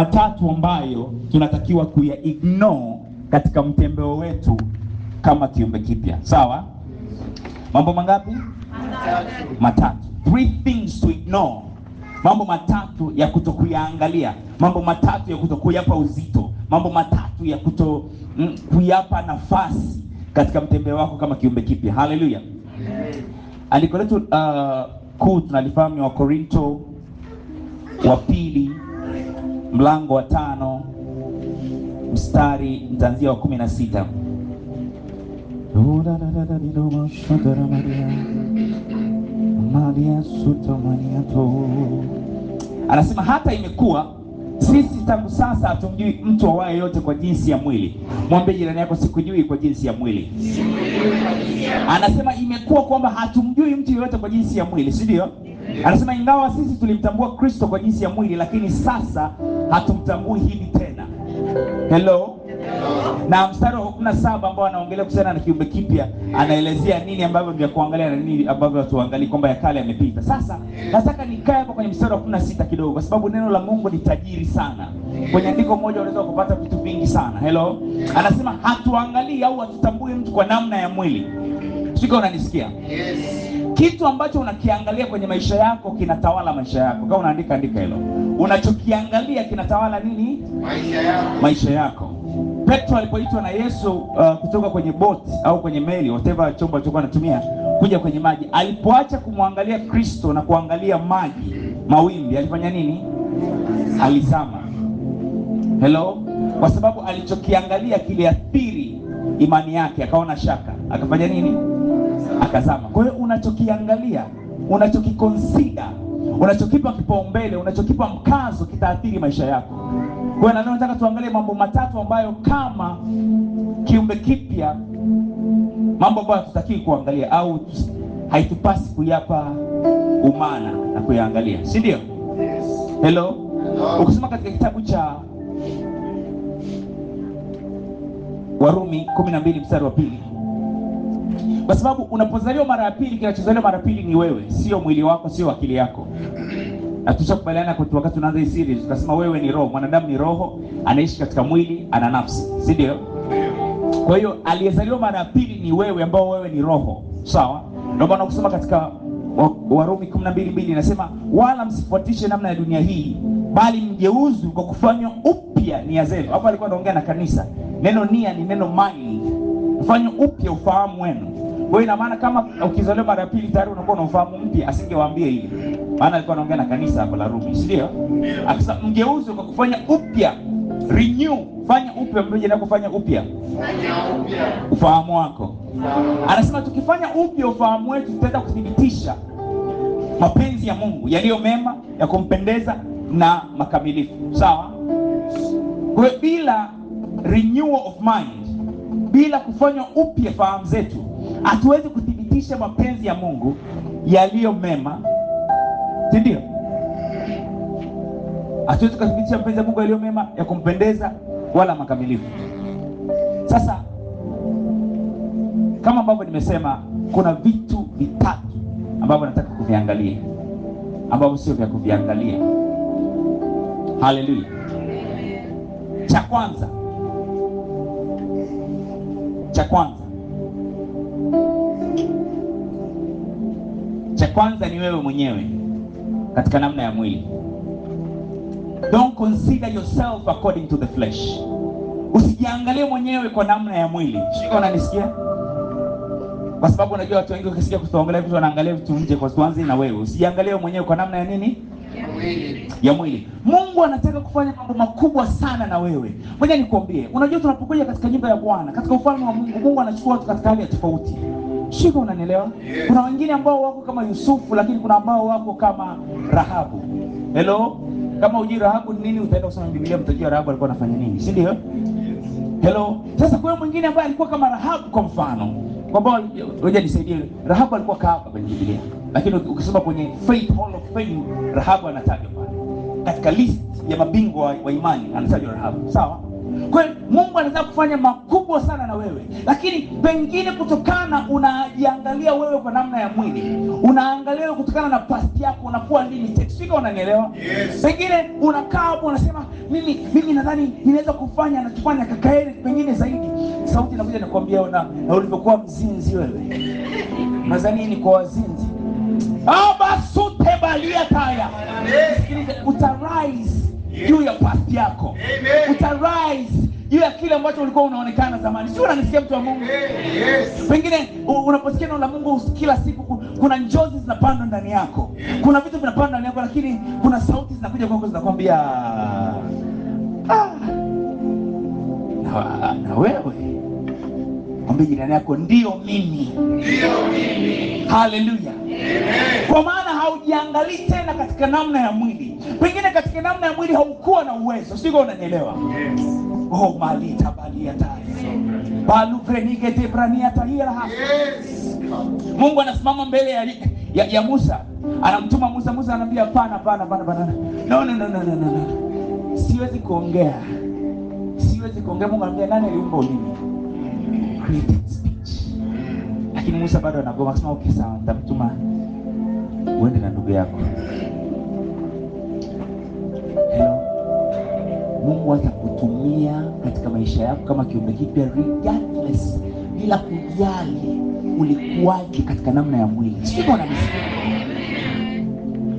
matatu ambayo tunatakiwa kuya ignore katika mtembeo wetu kama kiumbe kipya. Sawa? Mambo mangapi? Matatu. Matatu. Three things to ignore. Mambo matatu ya kutokuyaangalia, mambo matatu ya kutokuyapa uzito, mambo matatu ya kuto m, mm, kuyapa nafasi katika mtembeo wako kama kiumbe kipya. Haleluya. Andiko letu uh, kuu tunalifahamu ni Wakorinto wa pili mlango wa tano mstari mtanzia wa kumi na sita anasema hata imekuwa sisi tangu sasa hatumjui mtu awaye yote kwa jinsi ya mwili. Mwambie jirani yako, sikujui kwa jinsi ya mwili. Anasema imekuwa kwamba hatumjui mtu yoyote kwa jinsi ya mwili, si ndio? Anasema ingawa sisi tulimtambua Kristo kwa jinsi ya mwili, lakini sasa hatumtambui hivi tena. Hello? na mstari wa kumi na saba ambao anaongelea kuhusiana na kiumbe kipya, anaelezea nini ambavyo vya kuangalia na nini ambavyo hatuangalii, kwamba ya kale yamepita. Sasa nataka nikae hapa kwenye mstari wa kumi na sita kidogo, kwa sababu neno la Mungu ni tajiri sana. Kwenye andiko moja unaweza kupata vitu vingi sana. Hello, anasema hatuangalii au hatutambui mtu kwa namna ya mwili. Sika, unanisikia? Yes kitu ambacho unakiangalia kwenye maisha yako kinatawala maisha yako. Kama unaandika andika hilo, unachokiangalia kinatawala nini? Maisha yako, maisha yako. Petro alipoitwa na Yesu uh, kutoka kwenye boti au kwenye meli whatever chombo alichokuwa anatumia kuja kwenye maji, alipoacha kumwangalia Kristo na kuangalia maji, mawimbi, alifanya nini? Alizama. Hello, kwa sababu alichokiangalia kiliathiri imani yake, akaona shaka, akafanya nini? akazama. Kwa hiyo unachokiangalia, unachokikonsida, unachokipa kipaumbele, unachokipa mkazo kitaathiri maisha yako. Kwa hiyo nataka tuangalie mambo matatu ambayo kama kiumbe kipya, mambo ambayo hatutakii kuangalia au haitupasi kuyapa umana na kuyaangalia, si ndio? Hello. Ukisoma katika kitabu cha Warumi 12 mstari wa pili kwa sababu unapozaliwa mara ya pili, kinachozaliwa mara ya pili ni wewe, sio mwili wako, sio akili yako. natushakubaliana kwa wakati tunaanza hii series, tukasema wewe ni roho, mwanadamu ni roho, anaishi katika mwili, ana nafsi, si ndio? Kwa hiyo aliyezaliwa mara ya pili ni wewe, ambao wewe ni roho, sawa? Ndio maana kusema katika Warumi 12:2 inasema wala msifuatishe namna ya dunia hii, bali mgeuzwe kwa kufanywa upya nia zenu. Hapo alikuwa anaongea na kanisa. Neno nia ni neno mind kufanya upya ufahamu wenu. Kwa hiyo ina maana kama ukizaliwa mara ya pili tayari unakuwa na ufahamu mpya, asingewaambia hili. Maana alikuwa anaongea na kanisa hapa la Rumi, si ndio? Akisa mgeuze kwa kufanya upya, renew, fanya upya pamoja na kufanya upya ufahamu wako. Anasema tukifanya upya ufahamu wetu tutaenda kuthibitisha mapenzi ya Mungu yaliyo mema, ya kumpendeza na makamilifu. Sawa? Kwa bila renewal of mind bila kufanywa upya fahamu zetu, hatuwezi kuthibitisha mapenzi ya Mungu yaliyo mema, si ndio? Hatuwezi kuthibitisha mapenzi ya Mungu yaliyo mema ya kumpendeza wala makamilifu. Sasa kama ambavyo nimesema, kuna vitu vitatu ambavyo nataka kuviangalia ambavyo sio vya kuviangalia. Haleluya! Cha kwanza cha kwanza cha kwanza ni wewe mwenyewe katika namna ya mwili. Don't consider yourself according to the flesh. Usijiangalie mwenyewe kwa namna ya mwili. Shika, unanisikia? Kwa sababu unajua watu wengi ukisikia kutuongelea vitu wanaangalia vitu nje, kwa tuanze na wewe. Usijiangalie mwenyewe kwa namna ya nini? ya mwili. Mungu anataka kufanya mambo makubwa sana na wewe. Ngoja nikuambie, unajua tunapokuja katika nyumba ya Bwana, katika ufalme wa Mungu, Mungu anachukua watu katika hali ya tofauti. Shika, unanielewa? Yes. Kuna wengine ambao wako kama Yusufu, lakini kuna ambao wako kama Rahabu. Hello? Kama ujui Rahabu ni nini, utaenda kusoma Biblia, mtajua Rahabu alikuwa anafanya nini, si ndio? Hello? Sasa kuna mwingine ambaye alikuwa kama Rahabu kwa mfano kwamba ngoja nisaidie. Rahabu alikuwa kahaba kwenye Biblia, lakini ukisoma kwenye Faith Hall of Fame Rahabu anatajwa pale katika list ya mabingwa wa imani, anatajwa Rahabu, sawa kwa hiyo Mungu anaweza kufanya makubwa sana na wewe, lakini pengine kutokana unajiangalia wewe kwa namna ya mwili, unaangalia wewe kutokana na past yako, unakuwa limited. Sio, unanielewa? Yes. Pengine unakaa hapo unasema mimi mimi nadhani ninaweza kufanya na kufanya kaka yeye pengine zaidi. Sauti inakuja nakwambia, na, na ulivyokuwa mzinzi wewe, nadhani ni kwa wazinzi Au abasute balia taya. Yes. utarise juu ya past yako, Amen. utarise juu ya kile ambacho ulikuwa unaonekana zamani. Sio, unanisikia mtu wa Mungu? Yes. Pengine unaposikia neno la Mungu kila siku, kuna njozi zinapanda ndani yako, kuna vitu vinapanda ndani yako, lakini kuna sauti zinakuja kwako zinakwambia ah, na, na wewe mwambie jirani yako, ndio mimi, Ndio mimi. Haleluya, kwa maana haujiangalii tena katika namna ya mwili, pengine katika namna ya mwili haukuwa na uwezo, sio? Unanielewa? yes. Oh, malita baliata. Balu prenike te prania tahira. Yes. Mungu anasimama mbele ya, ya, ya Musa. Anamtuma Musa, Musa anambia pana pana pana pana. No, no, no, no, no, no. Siwezi kuongea. Siwezi kuongea. Mungu anambia nani aliumba ulimi? Created speech. Lakini Musa bado anagoma, akasema okay, sawa, nitamtuma uende na ndugu yako. Mungu atakutumia katika maisha yako kama kiumbe kipya regardless, bila kujali ulikuwaje katika namna ya mwili. Sio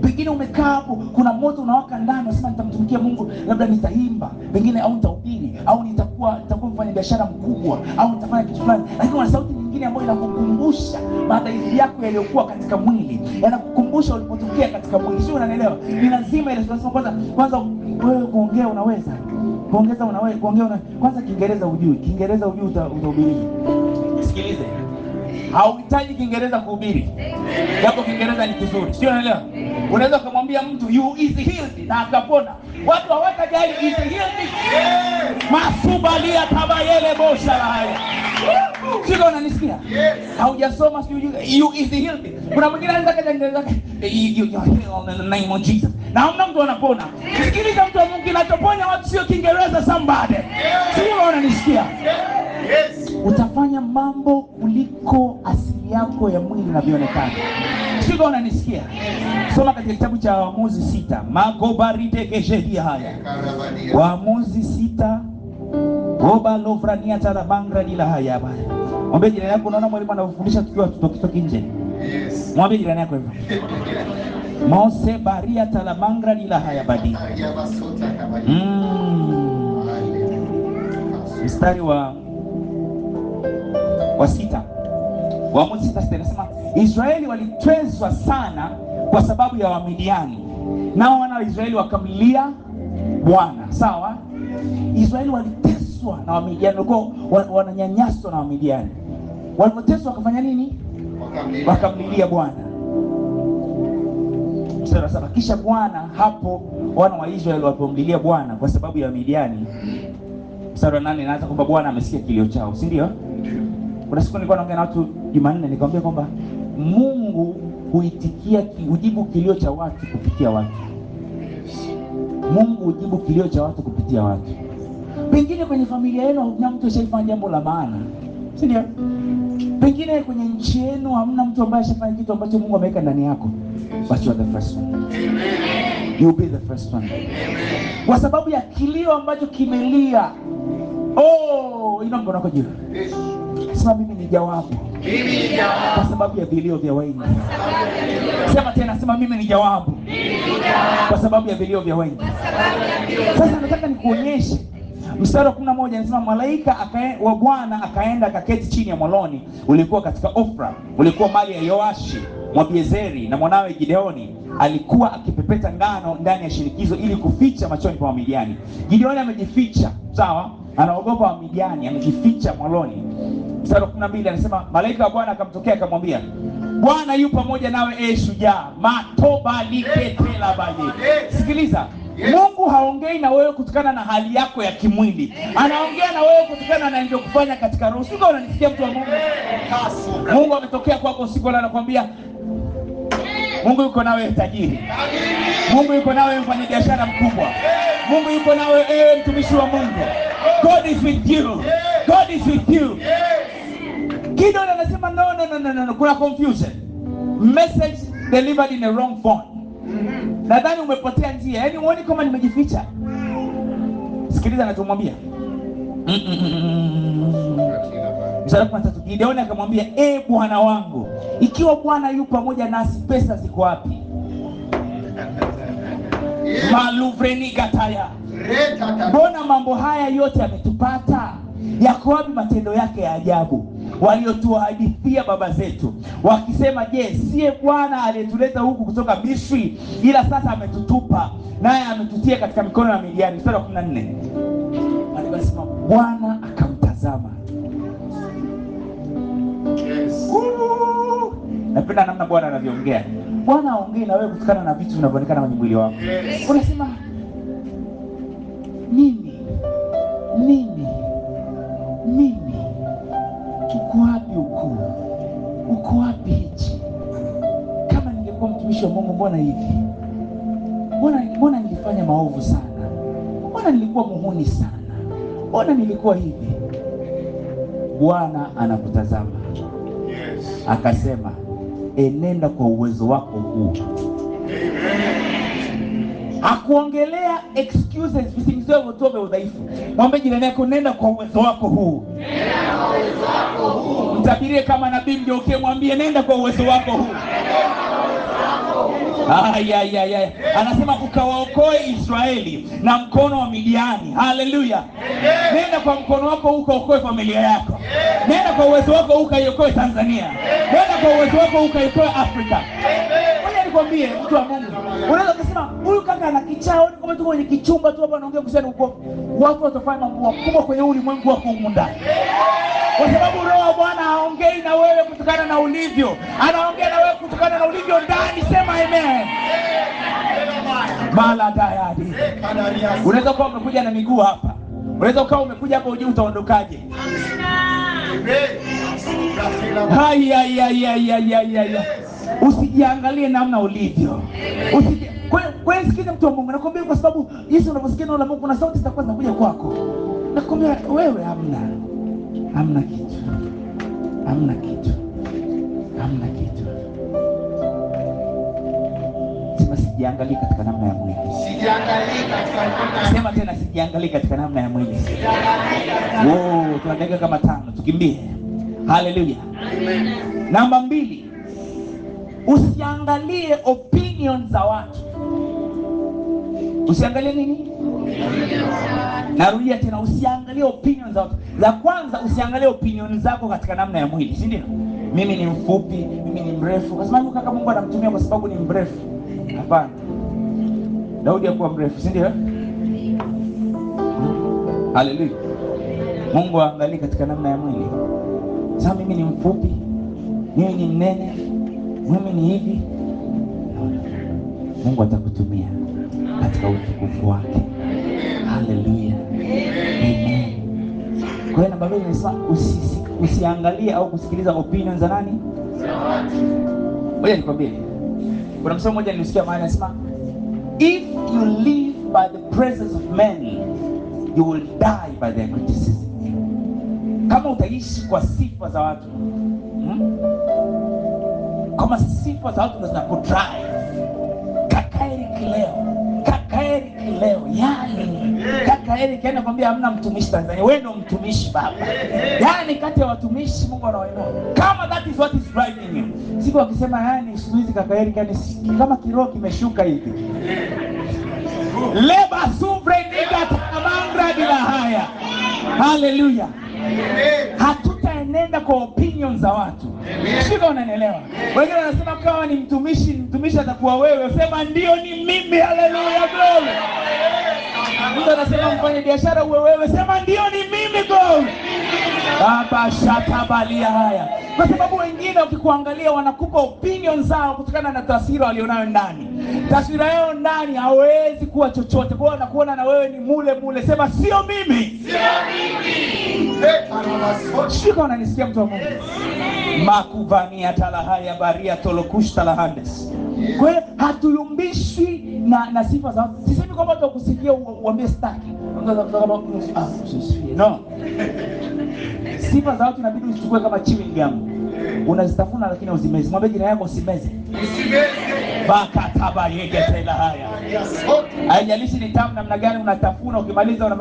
Pengine umekaa hapo, kuna moto unawaka ndani, unasema nitamtumikia Mungu, labda nitaimba, pengine au nitaubiri au nitakuwa nitakuwa mfanya biashara mkubwa, au nitafanya kitu fulani, lakini una sauti nyingine ambayo inakukumbusha madhaifu yako yaliyokuwa katika mwili, yanakukumbusha ulipotokea katika mwili. Sio, unanielewa? Ni lazima ile kwanza kwanza wewe kuongea unaweza kuongeza, unaweza kuongea una... Kwanza Kiingereza ujui, Kiingereza ujui utahubiri. Sikilize, hauhitaji Kiingereza kuhubiri, japo Kiingereza ni kizuri, sio? Unaelewa, unaweza kumwambia mtu you is healed na akapona. Watu jali is healed masubalia tabayele bosha la haya sio? Unanisikia? Haujasoma sijui you is the healed. Kuna mwingine anaweza kaja zake. you you healed in the name of Jesus. Na hamna mtu anapona. Sikiliza mtu wa Mungu, kinachoponya watu sio Kiingereza somebody. Sio? Unanisikia? Yes. Utafanya mambo kuliko asili yako ya mwili inavyoonekana. Sio? Unanisikia? Soma katika kitabu cha Waamuzi sita hii haya Waamuzi sita Roba lofrania tara bangra dila haya bana. Mwambie jirani yako unaona mwalimu anafundisha tukiwa tutoki nje. Yes. Mwambie jirani yako hivyo. Mose baria tala bangra dila haya badi. Mm. Mstari wa wa sita. Waamuzi sita sita nasema Israeli walitwezwa sana kwa sababu ya Wamidiani. Nao wana wa Israeli wakamlia Bwana. Sawa? Israeli waliteswa wanateswa na Wamidiani, walikuwa wananyanyaswa na Wamidiani. Walipoteswa wakafanya nini? Wakamlilia Bwana. Mstari wa saba, kisha Bwana hapo wana wa Israeli walipomlilia Bwana kwa sababu ya Wamidiani. Mstari wa nane inaanza kwamba Bwana amesikia kilio chao, si ndio? Kuna siku nilikuwa naongea na watu Jumanne, nikamwambia kwamba Mungu huitikia hujibu kilio cha watu kupitia watu. Mungu hujibu kilio cha watu kupitia watu. Pengine kwenye familia yenu hamna mtu asiyefanya jambo la maana, si ndio? Pengine kwenye nchi yenu hamna mtu ambaye ashafanya kitu ambacho Mungu ameweka ndani yako, but you are the first one. You be the first one, kwa sababu ya kilio ambacho kimelia. Oh, ina mkono wako juu, sema mimi ni jawabu Mimi ni jawabu. kwa sababu ya vilio vya wengi. Sema tena, sema mimi ni jawabu kwa sababu ya vilio vya wengi. Sasa nataka nikuonyeshe mstari wa kumi na moja anasema malaika akae, wa Bwana akaenda akaketi chini ya mwaloni ulikuwa katika Ofra, ulikuwa mali ya Yoashi Mwabiezeri na mwanawe Gideoni alikuwa akipepeta ngano ndani ya shinikizo ili kuficha machoni pa Wamidiani. Gideoni amejificha, sawa, anaogopa Wamidiani, amejificha mwaloni. Mstari wa kumi na mbili anasema malaika wa Bwana akamtokea akamwambia, Bwana yu pamoja nawe, ee shujaa. matobaliketelabale Sikiliza, Mungu haongei na wewe kutokana na hali yako ya kimwili, anaongea na wewe kutokana na alichokufanya katika roho. Sio unanisikia mtu wa Mungu? Mungu ametokea kwako usiku na anakuambia Mungu yuko nawe tajiri, Mungu yuko nawe biashara mkubwa, Mungu yuko nawe ee, mtumishi wa Mungu. Oh. God is with you, God is with you. Gideon anasema no, no, no, no, no. Kuna confusion. Message delivered in a wrong form nadhani umepotea njia, yaani uoni kama nimejificha. Sikiliza anachomwambia mstari Gideoni akamwambia, e Bwana wangu, ikiwa Bwana yu pamoja nasi, pesa ziko wapi? maluvreni gataya, mbona mambo haya yote yametupata? Yako wapi matendo yake ya ajabu? waliotuhadithia baba zetu wakisema, Je, siye Bwana aliyetuleta huku kutoka Misri? Ila sasa ametutupa naye ametutia katika mikono ya Midiani. Mstari wa kumi na nne anasema Bwana akamtazama. Yes. Napenda namna Bwana anavyoongea. Bwana aongee na wewe kutokana na vitu vinavyoonekana kwenye mwili wako. Yes. Unasema nini nini kumshukisha Mungu, mbona hivi, mbona mbona nilifanya maovu sana, mbona nilikuwa muhuni sana, mbona nilikuwa hivi. Bwana anakutazama yes. Akasema enenda kwa uwezo wako huu. Akuongelea excuses visingiziwe votoa vya udhaifu. Mwambie jirani yako nenda kwa uwezo wako huu. Nenda kwa uwezo wako huu. Mtabirie kama nabii mgeukie mwambie nenda kwa uwezo wako huu. Ayayaya, anasema ukawaokoe Israeli na mkono wa Midiani. Haleluya! Nenda kwa mkono wako ukaokoe familia yako, nenda kwa uwezo wako ukaiokoe Tanzania, nenda kwa uwezo wako ukaiokoe Afrika. Ngoja nikwambie, mtu wa Mungu, unaweza kusema huyu kaka ana kichao, ni kama tu kwenye kichumba tu hapa anaongea kuhusiana uko. Watu watafanya mambo makubwa kwenye ulimwengu wako humu ndani kwa sababu roho wa Bwana haongei na wewe kutokana na ulivyo, anaongea na wewe kutokana na ulivyo ndani. Sema amen. Mala tayari, unaweza kuwa umekuja na miguu hapa, unaweza ukawa umekuja hapa, ujui utaondokaje. Usijiangalie namna ulivyo, usiji kweli. Sikiza mtu wa Mungu, nakwambia, kwa sababu jinsi unavyosikia neno la Mungu na sauti zitakuwa zinakuja kwako. Nakwambia wewe hamna hamna kitu, hamna kitu, hamna kitu. Sema sijiangalii katika namna ya mwili, sijiangalii katika namna. sema tena, sijiangalii katika namna ya mwili. Oh, tuna kama tano, tukimbie. Haleluya. Namba mbili, usiangalie opinion za watu. Usiangalie nini? Narudia tena, usiangalie opinion za watu. La kwanza usiangalie opinion zako katika namna ya mwili, si ndio? Mimi ni mfupi, mimi ni mrefu. Kasema huyu kaka Mungu anamtumia kwa sababu ni mrefu. Hapana. Daudi hakuwa mrefu, si ndio? Haleluya. Mungu aangalie katika namna ya mwili. Sasa mimi ni mfupi, mimi ni mnene, mimi ni hivi. Mungu atakutumia katika utukufu wake. Haleluya. Amen. Kwa hiyo namba mbili ni inasema usiangalie au kusikiliza opinion za nani? Za watu. Ngoja nikwambie. Kuna msomo mmoja nilisikia maana anasema if you live by the presence of men you will die by their criticism. Kama utaishi kwa sifa za watu hmm? Kama sifa za watu zinakudrive, kakae leo kaka Eric leo, yani kaka Eric anakwambia yaani hamna mtumishi Tanzania, wewe ndo mtumishi baba, yani kati ya watumishi Mungu anawaona Kama that is what is driving you, siku akisema yani siku hizi kaka Eric yani kama kiroho kimeshuka hivi leba subre niga tanamandra bila haya. Haleluya, hatutaenenda kwa opini opinion za watu, sio? Unanielewa? Wengine wanasema kawa ni mtumishi, mtumishi atakuwa wewe. Sema ndio, ni mimi. Haleluya, glory. Mtu anasema mfanye biashara uwe wewe, sema ndio, ni mimi. Glory. Baba shatabalia haya, kwa sababu wengine wakikuangalia wanakupa opinion zao kutokana na taswira walionayo ndani. Taswira yao ndani hawezi kuwa chochote, kwa hiyo wanakuona na wewe ni mule mule. Sema sio mimi, sio mimi. Shika, unanisikia mtu wa Mungu? makuvania talahaya baria tolokush talahandes. Kwa hiyo hatuyumbishwi na, na sifa za watu. Sisemi kwamba tukusikia uambie staki no. Sifa za watu inabidi uzichukue kama chewing gum, unazitafuna lakini uzimezi. Mwambie jina yako usimeze haya. haijalishi ni tamu namna gani, unatafuna ukimaliza unafanya